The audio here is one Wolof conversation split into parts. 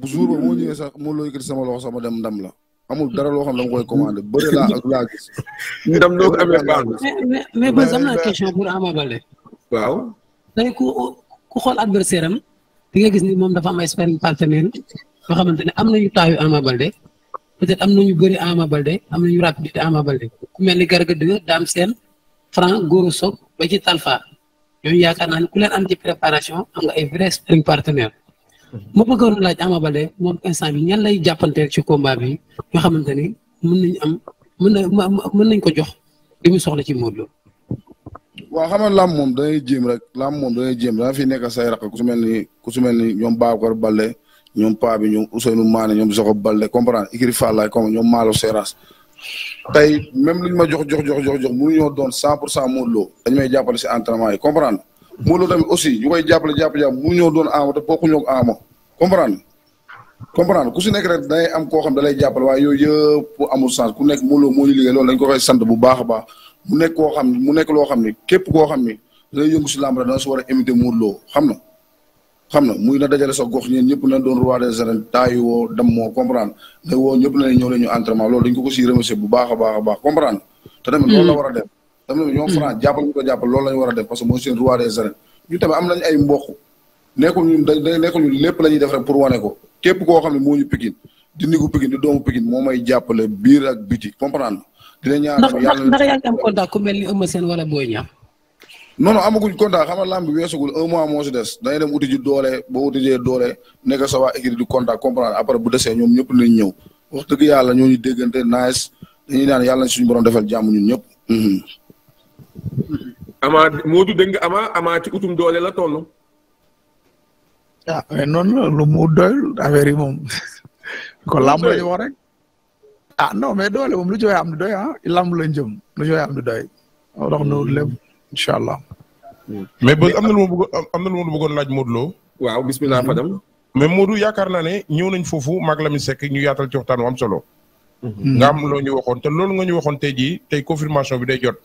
bu jour ba moo sax moo loo yëkkati sama loxo sama dem ndam la amul dara loo xam ne dama koy commandé bëri laa laa gis. ndam doo ko amee baax na. mais am naa question pour waaw. tey ku ku xool adversaire am di nga gis ni moom dafa am ay sparring partenaire yoo xamante ne am nañu taayu Ama Baldé peut-être am nañu bëri Ama Baldé am nañu rapidité Ama Baldé ku mel ni Garga 2 Dame seen Franc Goro Sock ba ci Talfa ñooñu yaakaar naa ne ku leen am ci préparation am nga ay vrai partenaire ma bëggoon laaj Ama Baldé moom instant bi ñan lay jàppanteel ci combat bi nga xamante ni mën nañ am mën na mën nañ ko jox li mu soxla ci Modou Lo. waaw xam nga moom dangay jéem rek làmb moom dangay jéem da fi nekk say rakk ku su mel ni ku su mel ni ñoom Babacar Baldé ñoom Paa bi ñoom Ousseynou Mané ñoom Soxo Baldé comprendre Ikri Fallaye comme ñoom Malo Seras tey même luñ ma jox jox jox jox jox mënuñoo doon 100 pour cent Modou dañ may jàppal si entraînement yi comprendre Modou Lo tamit aussi ñu koy jàppale jàpp jàpp mu ñoo doon Ama te bokkuñoo ak Ama comprendre comprendre ku si nekk rek day am koo xam da lay jàppale waaye yooyu yëpp amul sens ku nekk Modou Lo moo ñu liggéey loolu dañ ko koy sant bu baax a baax mu nekk koo xam mu nekk loo xam ni képp koo xam ni day yëngu si làmb dana si war a imiter Modou Lo xam na xam na muy na dajale sa gox ñeen ñëpp na doon roi des arènes taayi woo dam moo comprendre na woo ñëpp na ne ñëw la ñu entraînement loolu dañ ko ko si remercier bu baax a baax a baax comprendre te tamit loolu la hmm. war a def am na ñoom Franc mm. jàppal ko jàppal loolu war a def parce que mooy seen roi am nañu ay mboq nekkul ñun da nekkul ñun lépp la ñuy def rek pour wane ko képp koo xam ne moo ñu Pikine di nigu Pikine di doomu Pikine moo may jàppale biir ak biti comprendre dina ñaan yàlla ndax yaa ngi am contact ku mel ni Eumeu Sène wala Boy Niang non non xam nga lamb bi weesagul un mois moo si des dañuy dem uti di doole boo uti jee doole nekk sa waa écrit di contact comprendre après bu desee ñoom ñëpp nañ ñëw wax dëgg yàlla ñooñu déggante nice dañuy naan yàlla suñu borom defal jàmm ñun ñëpp mhm. ama Modou dégg nga ama ama ci utum doole la toll. ah mais noonu la lu mu doyul affaire yi moom. ko làmb la ñu rek. a ah, non mais doole moom lu ci am du doy a ah. làmb jëm lu ci du doy. wax hmm. hmm. na loolu lépp incha allah. mais ba am lu ma am na lu ma laaj Modou Lo. waaw bismillah Fadam. Hmm. mais Modou yaakaar naa ne ñëw nañ foofu mag Lamine Seck ñu yaatal ci waxtaan wu am solo. nga am loo ñu waxoon te loolu nga ñu waxoon tey jii tey confirmation bi day jot.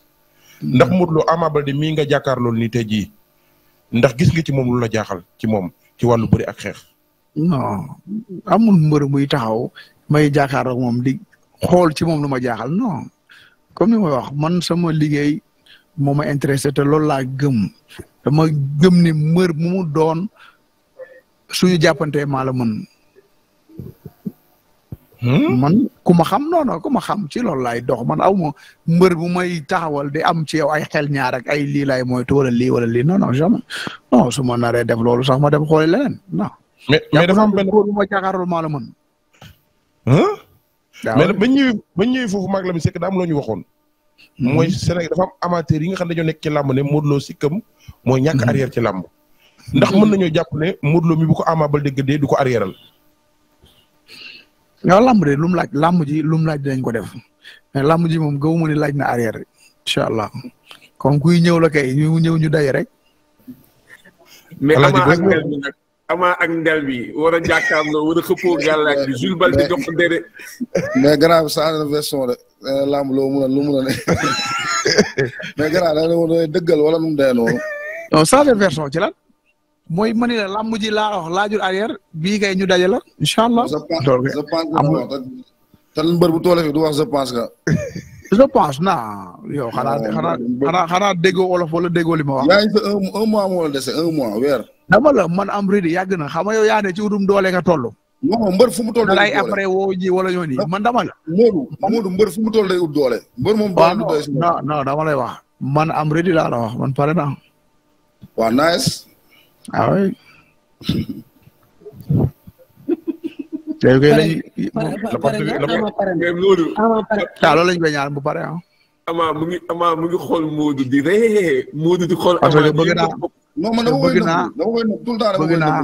ndax Modou Lo Ama Baldé mii nga jàkkaarloo ni tey jii ndax gis nga ci moom lu la jaaxal ci moom ci wàllu bëri ak xeex. non amul mbër muy taxaw may jàkkaarloo ak moom di xool ci moom lu ma jaaxal non comme ni ma wax man sama liggéey moo a intéressé te loolu laa gëm dama gëm ni mbër mu mu doon suñu jàppante maa la Hmm? man ku ma xam non non ku ma xam ci loolu laay dox man aw ma mbër bu may taxawal de am ci yow ay xel ñaar ay lii laay moytu wala lii wala lii non non jamais non su ma def loolu sax ma dem xooli leneen non. mais mais dafa am benn góor bu ma jàkkaarloo maa la mën. Hmm? mais bañ ñëwee bañ ñëwee foofu mag la mi sekk daa am loo waxoon. Hmm. mooy Sénégal dafa yi nga xam ne dañoo nekk ci làmb ne Modou Lo sikkam mooy ñàkk arrière ci làmb. ndax mën nañoo jàpp ne Modou Lo mi bu ko Ama Baldé gëddee du ko arrièreal waaw làmb de lu mu laaj làmb ji lu mu laaj dinañ ko def mais làmb ji moom gëwuma ni laaj na arrière incha allah kon kuy ñëw la kay ñu ñëw ñu daje rek. mais ama ak ndel bi nag ama a jàkkaarloo war a xëppoo gàllaaj bi Jules Balde jox ko déedéet. mais gannaaw sa version de euh, làmb loo mun a lu mun a ne mais gannaaw da wala nu mu dee noonu. non version ci lan. mooy ma ne la làmb ji laa wax laajul arrière bii kay ñu daje la incha allah. je pense te mbër bu tool du wax je pense que. je pense naa yow xanaa xanaa xanaa déggoo olof wala déggoo li ma wax. yaa ngi mois moo mois weer. dama la man am rëdd yàgg na xam nga yow yaa ne ci utum doole nga toll. non mbër fu ji wala ñoo man dama la. Modou Modou mbër fu mu toll day ut doole. mbër moom baax na doole si non am rëdd laa la wax All right. tey kay lañ. loolu lañ koy ñaan bu pare ah. Ama mu ngi Ama mu xool Moodu di ree Moodu di xool. parce que bëgg naa bëgg naa bëgg naa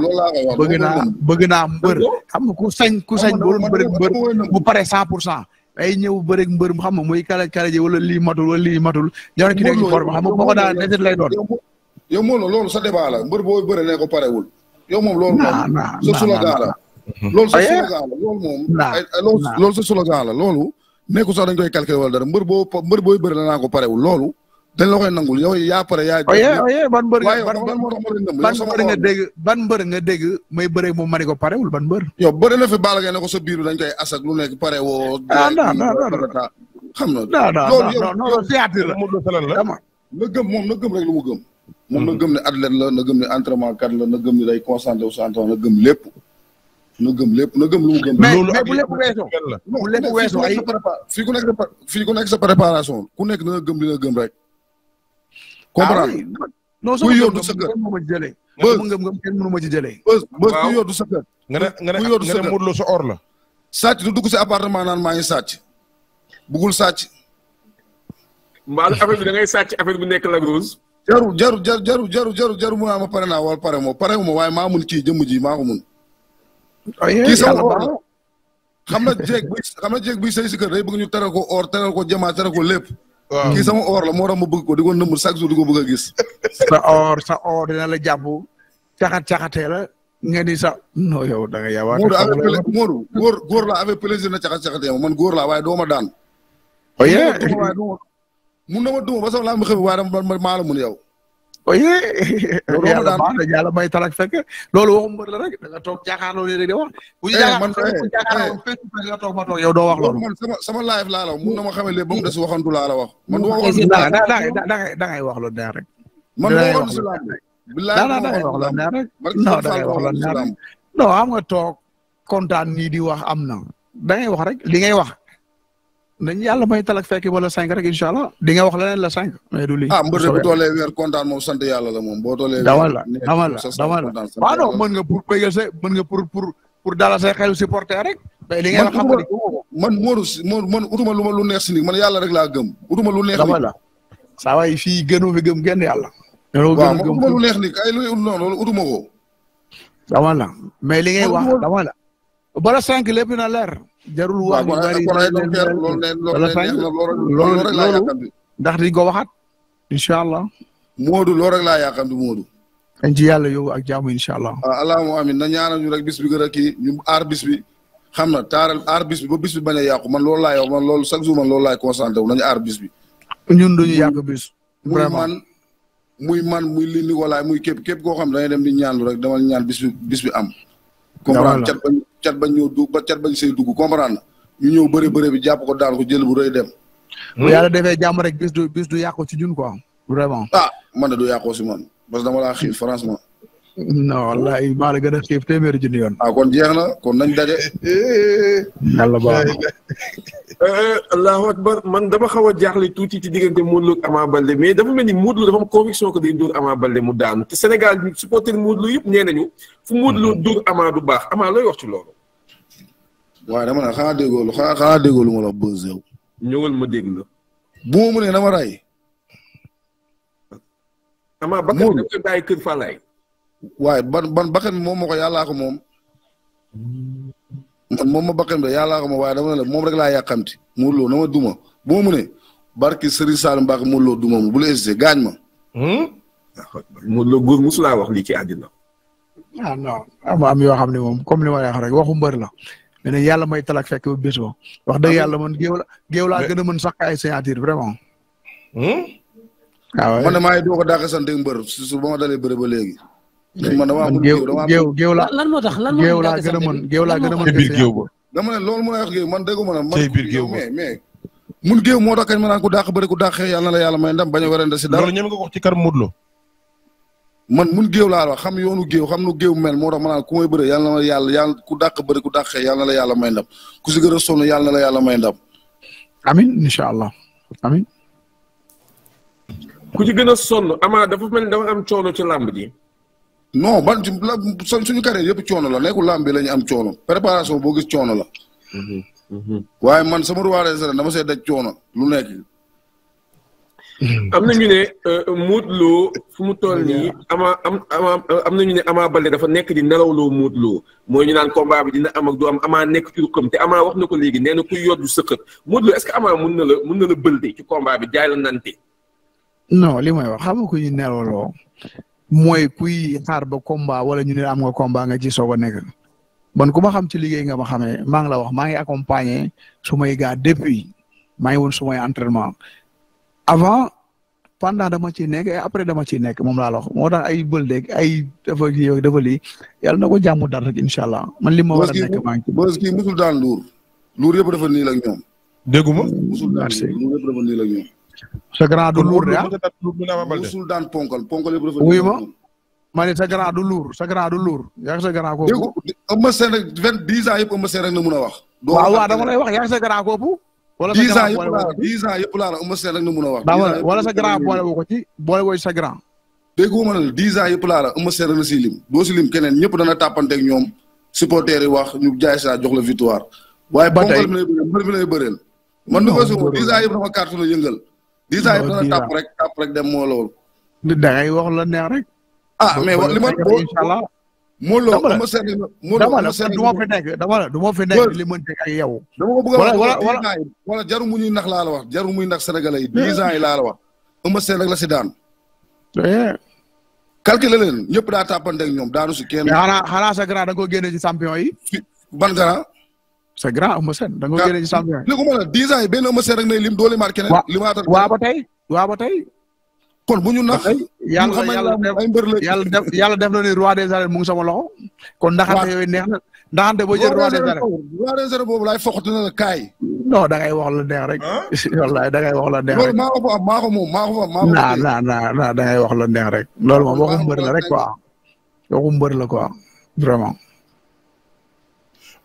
bëgg naa bëgg naa mbër. xam nga ku sañ ku sañ bu doon bëri mbër bu pare cent pour cent. ay ñëw bëri mbër xam nga muy kala wala lii matul wala lii matul. ñoo ki nekk ci forme xam nga boo ko daan lay doon. yow moom la loolu sa débat la mbër boo bëre ne ko parewul yow moom loolu moom sa slogan la loolu sa slogan la loolu moom loolu sa slogan la loolu nekkul sax dañ koy calculer wala dara mbër boo mbër booy bëri la naa ko parewul loolu dañ la koy nangul yow yaa pare yaa oye ban mbër ban mbër nga dégg ban mbër nga dégg may bëre moom ma ne ko parewul ban mbër yow bëri na fi baala ngay ne ko sa biiru dañ koy asak lu nekk pare woo ah, xam na loolu yow théâtre la la gëm moom na gëm rek lu gëm moom mhm. na gëm ne athlète la na gëm ne entraînement kat la na gëm ne day concentré wu si entraînement na gëm lépp na gëm lépp na gëm lu mu gëm. loolu ak bu lépp weesoo bu lépp weesoo ay fii ku nekk sa fii ku nekk sa préparation ku nekk na gëm li na gëm rek. comprendre ah non sama ngëm ngëm moo ma ci jëlee. sama ngëm ngëm kenn mënu ma ci jëlee. bës bës ku yóotu sa kër. ne nga ne nga ne sa or la. sàcc du dugg si appartement naan maa ngi sàcc. bugul sàcc. mbaalu affaire bi da ngay sàcc affaire bi nekk la rose. jaru jaru jaru jaru jaru jaru jaru mu naa ma pare naa wala pare moo pare moo waaye maa mun kii jëmm ji ma ko mun. Ah, kii sama bopp xam na jéeg buy xam na jéeg buy sëy si kër day bëgg ñu teral ko or teral ko jamaa teral ko lépp. waaw kii sama or la moo tax ma bëgg ko di ko nëmm chaque jour di ko a gis. sa or sa or dina la jàpp caxat caxatee la nga sa non yow da nga yabaat. Moodu avec plaisir na caxat caxatee man góor laa waaye doo daan. Ah, waaye. mun na ma duma ba sama laa ma xam waaye dama ma maa la mun yow. yàlla baax na yàlla may tarak fekk loolu waxu mbër la rek da nga toog jaaxaarloo léeg-léeg di wax. bu ñu eh, eh. yow doo wax loolu. man sama sama live laa la wax mun na ma xamee léegi ba mu des waxantu laa wax. man du ma wax da ngay da ngay wax loolu daal rek. man du ma wax si laam rek. bilaay da ngay wax loolu daal rek. non am nga toog kontaan nii di wax am na da ngay wax rek li ngay wax nañ yàlla may talak fekk wala cinq rek incha allah di nga wax leneen la cinq. mais du lii ah mbër bu toolee weer kontaan moom sant yàlla la moom boo toolee. dawal la dawal la dawal la waaw non mën nga pour béykat sa mën nga pour pour supporter rek. mais li xam ne man utuma lu ma lu neex si nii man yàlla rek laa gëm utuma lu neex. dawal la saa waay fii gënu fi gëm genn yàlla. loolu gën gëm waaw lu neex ni ay lu non loolu utuma ko. dawal la mais li ngay wax dawal la. bala cinq lépp na leer. jarul wax ñu bari wala fañ loolu loolu ndax di ko waxaat incha allah. Moodu loolu rek laa yàqandi Moodu. dañ ci yàlla yow ak jaamu incha allah. waaw ah, allahumma amiin na ñaanal ñu rek bis bi gën a kii ñu aar bis bi xam na taaral aar bi ba bis bi bañ a yàqu man loolu laay wax man loolu chaque jour man loolu laay concentré wu nañu aar bis bi. ñun duñu yàq bis. vraiment muy man muy man muy li Nicolas muy képp képp koo xam da ngay dem di ñaan lu rek dama ñaan bi bis am. comprendre cat bañ cat bañ ñëw dugg ba cat bañ say dugg comprendre na ñu ñëw bi jàpp ko daan ko jël bu rëy dem. bu yàlla defee jàmm rek bis du bis du yàqu ci jun quoi vraiment. ah man de du yàqoo si man parce que dama laa xiif franchement. non wallaahi maa la gën a xiif téeméeri junni yoon. ah kon jeex na kon nañ daje. yàlla baax eh, eh, allahu akbar man dama xaw a jaaxle tuuti ci diggante Modou Lo ak Ama Baldé mais dafa mel ni Modou Lo dafa am conviction que day dóor Ama Baldé mu daanu Sénégal supporter Modou Lo yëpp fu Modou Lo dóor Ama du baax amaa looy wax ci loolu. waaye dama ne xanaa déggoo lu xanaa xanaa déggoo lu ma la bëgg yow. ñëwal ma dégg la. bu ma mënee dama rey. amaa bakkan ban ban bakkan bi moom moo ko yàllaa ko ma bakkan bi yàllaa ko moom waaye dama ne la moom rek laa yàqamti. Modou Lo na ma duma bu ma mënee barki Serigne Saloum Mbacke Modou Lo duma ma bu la ma. Hmm? Modou Lo góor musu laa wax lii ci àddina. ah non am yoo xam ne moom comme li ma rek waxu mbër la. mais nag yàlla may talak fekk ba bés ba wax dëgg yàlla man géew la géew laa gën a mën sax ay vraiment. waaw hmm? ah man de maa ngi doog a dàq sant mbër su ba ma dalee bëri ba léegi. man damaa amul géew damaa amul tax lan moo a mën géew laa a mën. a man déggu ma ne. tey biir mun géew moo kañ ma naan ku dàq bëri ku dàq yàlla na la yàlla may ndam bañ a werante si ko wax ci kar Modou Lo man mun géew laa wax xam yoonu géew xam nu géew mel moo tax ma naan ku may bëre yàlla la yàlla yàlla ku dàq bëri ku dàq xëy yàlla la yàlla may ndam ku si gën a sonn yàlla na la yàlla may ndam. amin incha allah amin ku ci gën a sonn Ama dafa mel ni dafa am coono ci làmb ji. non ban ci suñu carrière yëpp coono la nekkul làmb bi la am coono préparation boo gis coono la. Mhm, mhm. waaye man sama ruwaaree sa dama see daj coono am na ñu ne euh, Modou Lo fu mu toll nii ama am ama am na ñu ne Ama Baldé dafa nekk di nelawloo Modou Lo mooy ñu naan combat bi dina am ak du am nekk ci ruqam te Ama wax na ko léegi nee na kuy yoddu sëqat Modou Lo est-ce que Ama mun na la mun na la bëlde ci combat bi jaay la nante no li may wax xam nga ku ñu nelawloo mooy kuy xaar ba combat wala ñu ne am nga combat nga ci a nekk man ku ma xam ci liggéey nga ma xamee maa ngi la wax maa ngi accompagner su may gars depuis maa ngi woon su may avant pendant dama ciy nekk et après dama ciy nekk moom laa la moo tax ay bëldeeg ay dafa yow dafa lii yàlla na ko jàmm dara rek allah man li ma war a nekk maa ngi ci. boos kii musul daan luur luur yëpp dafa niil ak ñoom. dégguma musul daan luur yëpp dafa niil ak ñoom. sa grand du luur de ah ponkal ponkal yëpp dafa niil ñoom. ma ne sa grand du luur sa grand luur yaa sa grand kooku. dégg nga ëmb seen rek vingt dix ans yëpp ëmb seen rek na mun a wax. waaw waaw dama lay wax yaa sa wala sa grand boole woo ko ci 10 ans yëpp laa la Eumeu Sène rek na mun a wax. wala sa grand boole woo ko ci boole woo sa grand. dégg nga la 10 ans yëpp laa la Eumeu Sène rek na si lim ñoom supporters yi wax ñu jaay saa jox la victoire. waaye bonkal mi lay bëreel mbër mi lay bëreel. man du ko suuf 10 ans yëpp dama Modou dama la du ma fi nekk dama la du ma fi nekk li mënte ak yow. dama wala jaru mu ñuy nax laa la wax jaru muy nax sénégalais yi dix ans yi laa la wax Eumeu Sène rek la si daan eh. calculer leen ñëpp daa tàppante ak ñoom daanu si kenn xanaa xanaa sa grand da nga ko génne ci yi ban grand sa grand Eumeu Sène da ah. yi li ko ma la dix ans yi benn tey waaw tey kon bu ñu nax yàlla yàlla def yàlla def na ni roi des arènes mu ngi sama loxo. kon ndaxante yooyu neex na. ndaxante boo jël roi des arènes boobu laay foqatu na la kaay. non da ngay wax la neex rek. wallaay da ngay wax la neex rek. maa ko fa maa ko moom maa ko fa maa ko. naa naa naa da ngay wax la neex rek. loolu mo waxu mbër la rek quoi. waxu mbër la quoi vraiment.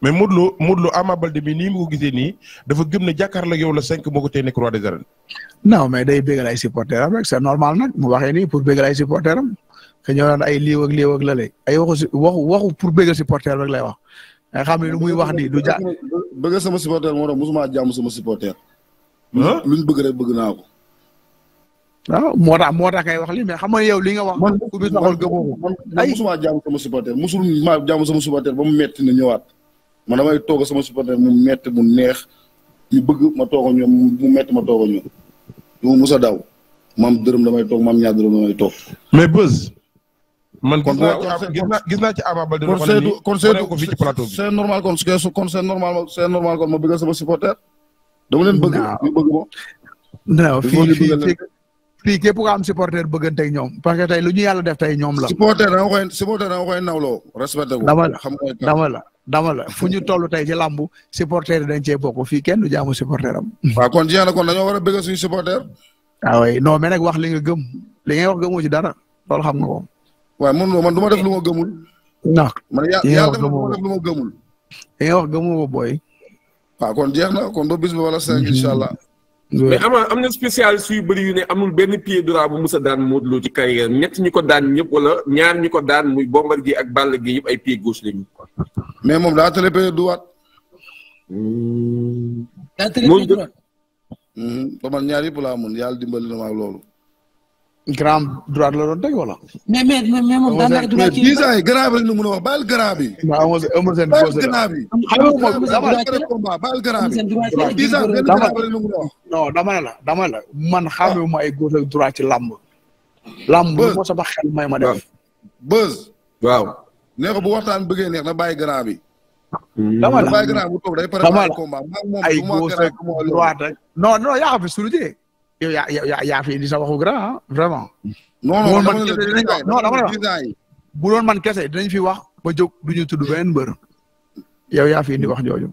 mais Modou Lo Modou Lo Ama Baldé bi nii mu ko gisee nii dafa gëm ne jàkkaarloo yow la cinq moo ko tee nekk roi des arènes. day bégal ay supporters am rek c'est normal nag mu waxee nii pour bégal ay supporters am te ñoo naan ay liiw ak liiw ak lale ay waxu waxu waxu pour bégal lay wax nga xam ne lu muy wax nii du ja. bëgg sama supporter moo tax mosuma jàmm sama supporter. luñ bëgg rek bëgg naa ko. Ah, moo tax moo tax ngay li mais xam nga yow li nga wax. man ku bis waxoon gëmoo ko man mosuma jàmm sama supporter mosul maa jàmm sama supporter ba mu metti na ñëwaat. ma damay toog sama supporter mu metti mu neex ñu bëgg ma toog ñoom mu metti ma toog ñoom du ma mus a daw maam dërëm damay toog maam ñaar dërëm damay toog. mais buzz. man gis naa gis naa ci Ama Baldé kon ko fii ci plateau bi. c'est normal kon kon c'est normal c'est normal kon ma bëgg sama supporter dama leen bëgg. ñu bëgg ma. non fii fii am supporter bëggante ak ñoom parce que tey lu ñu yàlla def tey ñoom la. supporter da nga koy supporter da nga koy nawloo respecté ko. dama la dama la fu ñu toll tey ci làmb supporter dañ cee bokk fii kenn du jaamu supporter am. waaw kon jeex na kon dañoo war a bëgg suñu supporter. ah oui non mais nag wax li nga gëm li ngay wax gëmoo ci dara loolu xam nga ko. waaw man man du ma def lu ma gëmul. non man yàlla def lu ma gëmul. li wax gëmoo ko booy. waaw kon jeex na kon ba bis ba wala cinq mhm. incha allah. mais ama am na spécialiste yu bëri yu ne amul benn pied droit bu mus a daan Modou Lo ci carrière ñett ñi ko daan ñëpp wala ñaar ñi ko daan muy Bombardier ak Balla Gaye yëpp ay pied gauche lañu. mais moom daa tële pied droit. daa tële pied droit. Hmm, ba man ñaar yëpp laa amoon yàlla dimbali na ma loolu. grand droit la doon teg wala. mais mais mais moom daanaka du la kii mais 10 ans yi grand bi rek ñu a wax baal grand bi. waaw amul la dama ne la man xamewuma ay góor ak droit ci làmb. làmb bu ma xel may ma def. buzz. waaw nee ko bu waxtaan bëggee neex na bàyyi grand bi. Hmm. dama la dama ay góor ak droit rek. non non yow yaa yaa yaa fi indi sa waxu grand ah vraiment. non non dama ne la bu doon man kese dinañ fi wax ba jóg duñu tudd benn mbër. yow yaa fi indi wax jooju.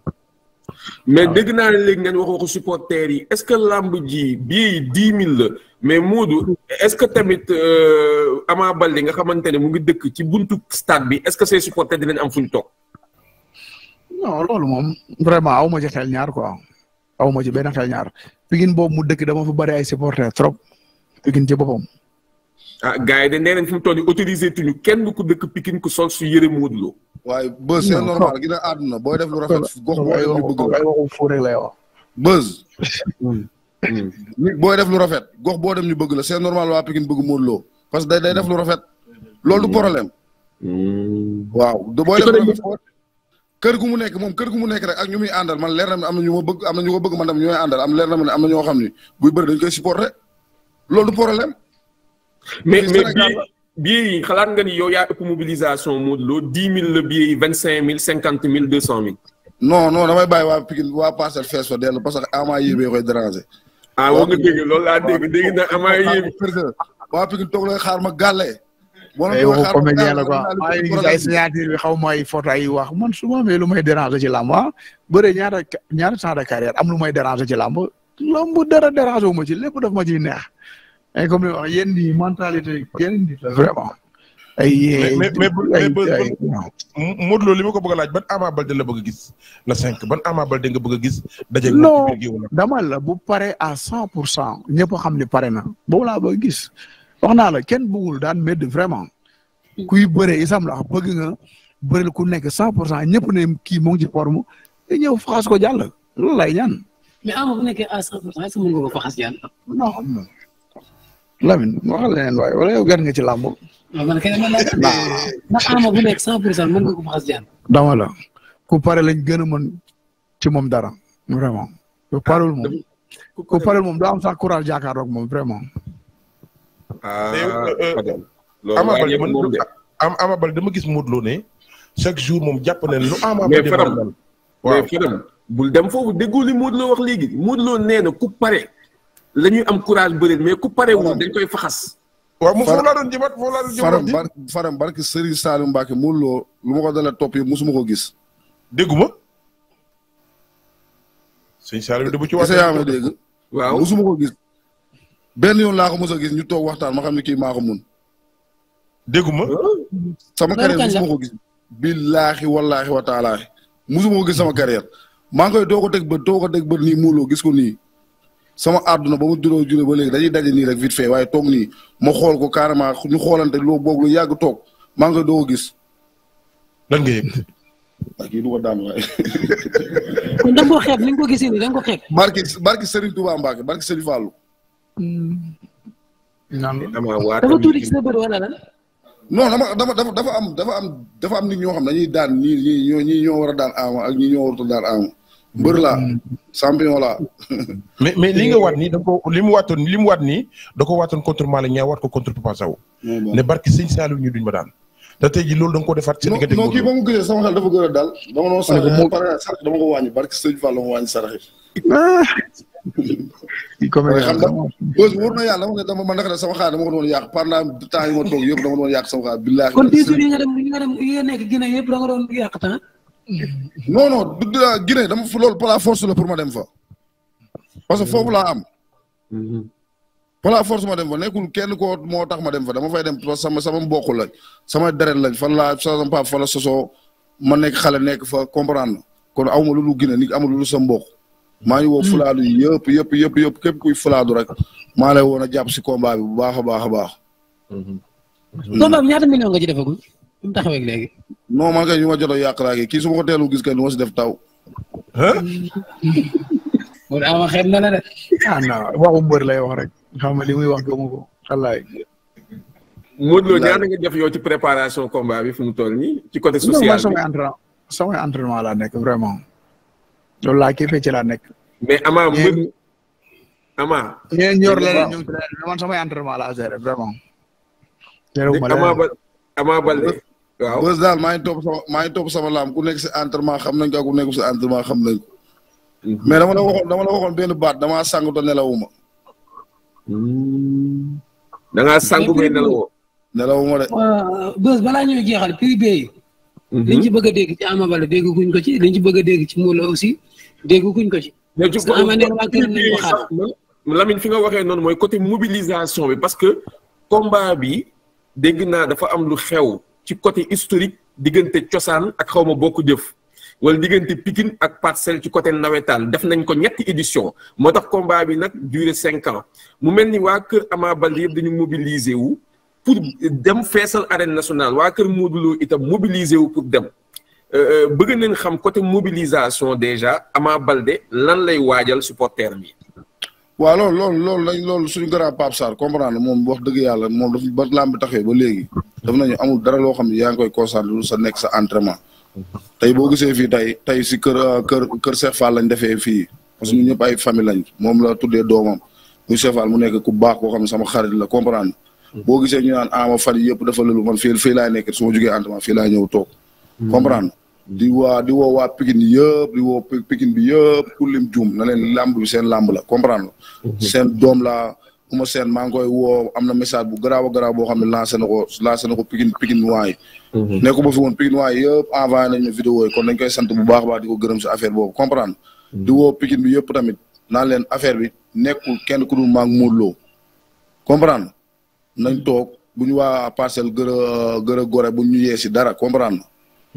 mais dégg naa ne léegi ngeen wax waxu supporters yi est ce que lamb ji bii dix mille la mais Modou est ce que tamit euh, Ama Baldé nga xamante ne mu ngi dëkk ci buntu stade bi est ce que ses supporters dinañ am fu ñu toog. non loolu moom vraiment aw ma ci xel ñaar quoi. aw ma ci benn xel ñaar Pikine boobu mu dëkk dama fa bëri ay supporters trop Pikine ci boppam. ah gars yi de nee nañ fi mu toll nii autorisé tuñu kenn ku dëkk Pikine ku sol su yëre Modou Lo. waaye buzz c'est normal gi na àdduna booy def lu rafet gox boo yoon bëgg la waxu fu rek lay wax buzz hmm. hmm. booy def lu rafet gox boo dem ñu bëgg la c'est normal waa Pikine bëgg Modou Lo parce que day day def lu rafet loolu du hmm. problème waaw booy def lu rafet kër gu mu nekk moom kër gu mu nekk rek ak ñu muy man leer na ma am na ñu ma bëgg am na ñu ko bëgg man tam ñu may am leer na ma ne am na ñoo xam ni buy bëri dañ du problème. mais mais bii xalaat nga ni yow yaa ëpp mobilisation Modou Lo dix mille la vingt cinq mille cinquante mille deux cent mille. no non damay bàyyi waa Pikine waa Parcelles fees fa dellu parce que Ama Yébé koy déranger. ah woo nga dégg loolu laa dégg Ama Yébé. waa Pikine toog lay xaar ma gàllee. Eh, waxu comédien la quoi maa xaw ma ay photo ay wax man su ma amee lu may déranger ci làmb ah bëre ñaata ñaata temps de carrière am lu may déranger ci làmb làmb dara déranger wu ma ci lépp daf ma ci neex ay comme li wax yéen di mentalité vraiment ay mais mais Modou Lo li ma ko bëgg laaj ban Ama Baldé la bëgg gis la cinq ban Ama Baldé nga bëgg a gis. daje non dama la bu pare à cent pour cent ñëpp xam ne pare na boobu laa bëgg gis. wax naa la kenn bëggul daan medd vraiment kuy bëree isam la bëgg nga bëril ku nekk cent pour cent ñëpp ne kii moo ngi ci forme te ñëw faxas ko jàll loolu lay ñaan. mais Ama bu nekkee à cent pour cent est ce que mën nga ko faxas jàll. non non Lamine waxal leneen waaye wala yow gan nga ci làmb. waaw man kay dama laaj. ndax Ama bu nekk dama la ku pare lañ gën a mën ci moom dara vraiment. ku parul moom ku parul daa am sax courage jàkkaarloog moom vraiment. Ah, euh, euh, am Ama Baldé dama gis Modou Lo ne chaque jour moom jàpp ne lu am Baldé mais waaw Fadam bul dem foofu déggoo li Modou wax léegi Modou Lo nee na ku pare la ñuy am courage bëri mais ku pare wul dañ koy faxas. waaw Faram Faram barke Serigne Saliou Mbacke Modou Lo lu ma ko dala topp yëpp mosuma ko gis. dégguma. sëñ Saliou dama ci wax. est-ce que yaa ma dégg. ko gis. benn yoon laa ko mos gis ñu toog waxtaan ma xam ne ki maa ko mun. dégguma sama carrière musuma ko gis. billaahi wallaahi wa taalaahi musuma ko gis sama carrière maa ngi koy doo ko teg bët doo ko teg bët nii muuloo gis ko nii. sama àdduna ba mu juróo juré ba léegi dañuy daje nii rek vite fait waaye toog nii mo xool ko carrément ñu xoolante loo boog lu yàgg toog maa ngi koy doo ko gis. yii du ko daan da ni nga ko gisee nii ko xeeb. barki barki Serigne Touba Mbacke barki Serigne Fallou. Mm. naan dama waat dafa tuuti sa bët wala lan. non dama dafa dafa am dafa am dafa am nit ñoo xam dañuy daan ñii ñii ñoo ñii ñoo war a daan Ama ak ñii ñoo warut a daan Ama. mbër laa mais li nga waat nii da ko li mu waatoon li mu waat nii da ko waatoon contre Malick Niang waat ko contre Papa Sow. ne daan. te loolu da ko defaat. seen diggante non kii ba mu gisee sama xel dafa gën a daal. dama comme xam nga bés wóor yàlla dama ne dama sama xaar dama ko doon yàq pendant temps yi ma toog yëpp dama doon yàq sama xaar billaahi kon dix jours yi nga dem yi nga ah, par la force la pour ma dem fa parce que foofu laa am mm-hmm. par la force ma dem fa nekkul kenn ko moo tax ma dem fa dama fay dem parce sama sama mbokk lañ sama deret lañ fan laa sama pap fa la sosoo ma nekk xale nekk fa comprendre kon awma lu lu Guinée nit lu sa mbokk maa ngi woo mm. fulaadu yi yëpp yëpp yëpp yëpp képp kuy fulaadu rek maa lay woon na jàpp si combat bi bu baax a baax a baax. Mm-hmm. combat bi ñaata million nga ci defagul fi mu taxawee léegi. non man kay ñu ma jot a yàq laa kii su ma gis kay nu ma si def taw. mu ne ama xel na la de. ah non waxu lay wax rek xam nga li muy wax gëmu ko xalaay. Modou Lo ñaata nga def yow ci préparation combat bi fi mu toll nii ci côté social bi non man laa nekk vraiment. loolu laa kiifee ci laa nekk. mais Ama mbir Ama. ñeen ñor leneen ñu man samay entraînement laa géré vraiment. Ama Baldé waaw bës daal maa ngi topp sama maa ngi topp sama laam ku nekk si entraînement xam nañ ko ku nekk si entraînement xam nañ ko. Mhm. mais dama la waxoon benn baat dama sangu te nelawuma. Hmm. da ngaa sangu mais nelawoo. nelawuma de. Euh, bës balaa ñuy jeexal prix Mhm. liñ ci bëgg dégg ci Ama Baldé dégg kuñ ko ci liñ ci bëgg a dégg ci Modou Lô aussi dégg kuñ ko ci. parce que Ama nee waa kër nañ ko xaar. Lamine fi nga waxee noonu mooy côté mobilisation bi parce que combat bi dégg naa dafa am lu xew ci côté historique diggante cosaan ak xaw ma bokk jëf. wala diggante Pikine ak parcelle ci côté nawetaan def nañ ko ñetti édition moo tax combat bi nag duré cinq ans mu mel ni waa kër Ama Baldé yëpp dañu mobiliser wu pour dem feesal arène nationale waa kër Modou Lo itam mobiliser wu pour dem euh, euh, bëgg nañ xam côté mobilisation déjà Ama Baldé lan lay waajal supporter bi. waaw loolu loolu loolu lañ loolu suñu grand Pape Sarr comprendre moom wax dëgg yàlla moom dafa ba làmb taxee ba léegi daf nañu amul dara loo xam ne yaa ngi koy concentré lu sa nekk sa entraînement tey boo gisee fii tey tey si kër euh, kër kër Cheikh Fall lañ defee fii parce que ñun ñëpp ay famille lañ moom la tuddee doomam muy Cheikh Fall mu nekk ku baax koo xam ne sama xarit la comprendre boo gisee ñu naan ama fan yëpp dafa lëlu man fii fii laa nekk su ma jugee entraînement fii laa ñëw toog hmm. comprendre di waa di woo waa Pikine yëpp di woo Pikine bi yëpp ku lim juum na leen làmb bi seen làmb la comprendre hmm. seen doom la uma seen maa ngi koy woo am na message bu garaaw a boo xam ne lancé na ko lancé na ko Pikine Pikine waay hmm. nekku ba fi woon Pikine waay yëpp nañ ñu vidéo yi kon dañ koy sant bu baax a baax di ko gërëm si affaire boobu comprendre di woo Pikine bi yëpp tamit naan leen affaire bi nekkul kenn ku dul maa ngi muurloo comprendre nañ toog bu ñu waa parcelle gër gër a gore bu ñu yee si dara comprendre na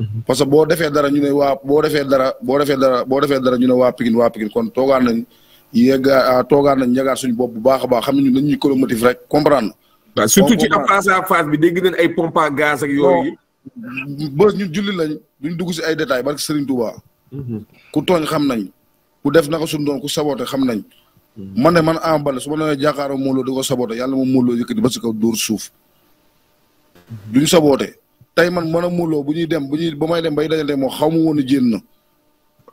mhm. parce que boo defee dara ñu ne waa boo defee dara boo defee dara boo defee dara ñu ne waa Pikine waa Pikine kon toogaan nañ yegga ah, toogaan nañ ñagaat suñu bopp bu baax a baax xam ne ñun dañ ñuy colomotive rek comprendre na surtout ci face à face bi dégg nañ ay pompe à gaz ak yooyu bës ñun julli lañ duñ dugg si ay détails barke seriñ Touba mhm. ku tooñ xam nañ ku def na suñu doon ku saboote xam nañ man ne man Ama Baldé su ma nee jàkkaaroo Modou Lô di ko saboté yàlla moom Modou Lô yëkkati ba si kaw dóor suuf duñ saboté tey man man a Modou bu ñuy dem bu ñuy ba may dem bay dajante moo xaw ma woon ne na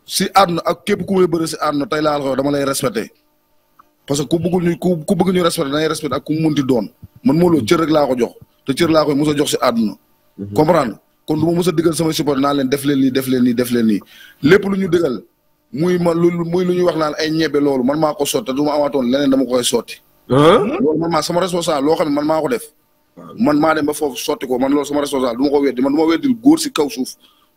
si àdduna ak képp ku may bëri si àdduna tey laa la dama lay respecté parce que ku bëggul ñu ku ku bëgg ñu respecté da ngay respecté ak ku mu munti doon man Modou cër rek laa ko jox te cër laa koy mos jox si àdduna. Mhm. comprendre kon du ma mos a digal samay support naa leen def leen nii def leen nii def leen nii lépp lu ñu digal muy ma lu muy lu ñuy wax naan ay ñebe loolu man maa ko sotti du ma amaatoon leneen dama koy sot a man maa sama responsable loo xam ne man maa ko def. man maa dem ba foofu sotti ko man loolu sama responsable du ma ko weddi man du ma weddil góor si kaw suuf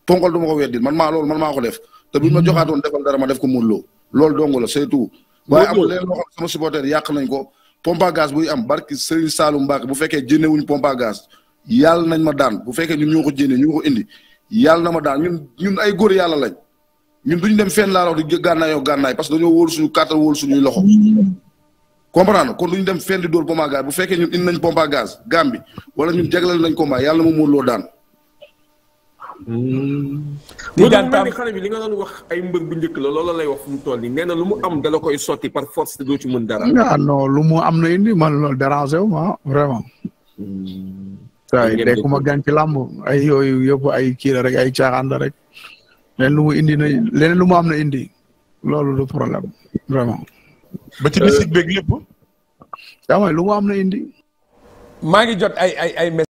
tonkol du ma ko weddil man maa loolu man maa ko def te buñ ma hmm. joxaatoon defal dara ma def ko mulloo loolu dong la surtout. waaye amul leen loo xam ne yàq nañ ko pompe à bu buy am barki Serigne Saloum Mbacke bu fekkee jënde wuñ pompe à gaz nañ ma daan bu fekkee ñun ñoo ko jënde ñoo ko indi yàlla na ma daan ñun ñun ay góor yàlla lañ ñun duñu dem fenn laa la wax di gànnaayoo gànnaay parce que dañoo wóolu suñu kàttan wóolu suñuy loxo comprendre kon duñu dem fenn di dóor pompe bu fekkee ñun indi nañ pompe à gaz gam bi wala ñun jagleel nañ combat yàlla moom Modou Lo daan di daan tam xale bi li nga doon wax ay mbër bu njëkk la loolu lay wax mu toll nii nee na lu mu am dala koy sotti par force te doo ci mën ah, lu mu am na indi man loolu dérangé wu ma vraiment. waaye hmm. ma gan ci làmb ay yooyu yëpp ay kii rek ay caaxaan la rek. leneen lu indi na leneen lu mu am na indi loolu du problème vraiment. ba ci district beeg lépp. yaa may lu mu am na indi. maa ngi jot ay ay ay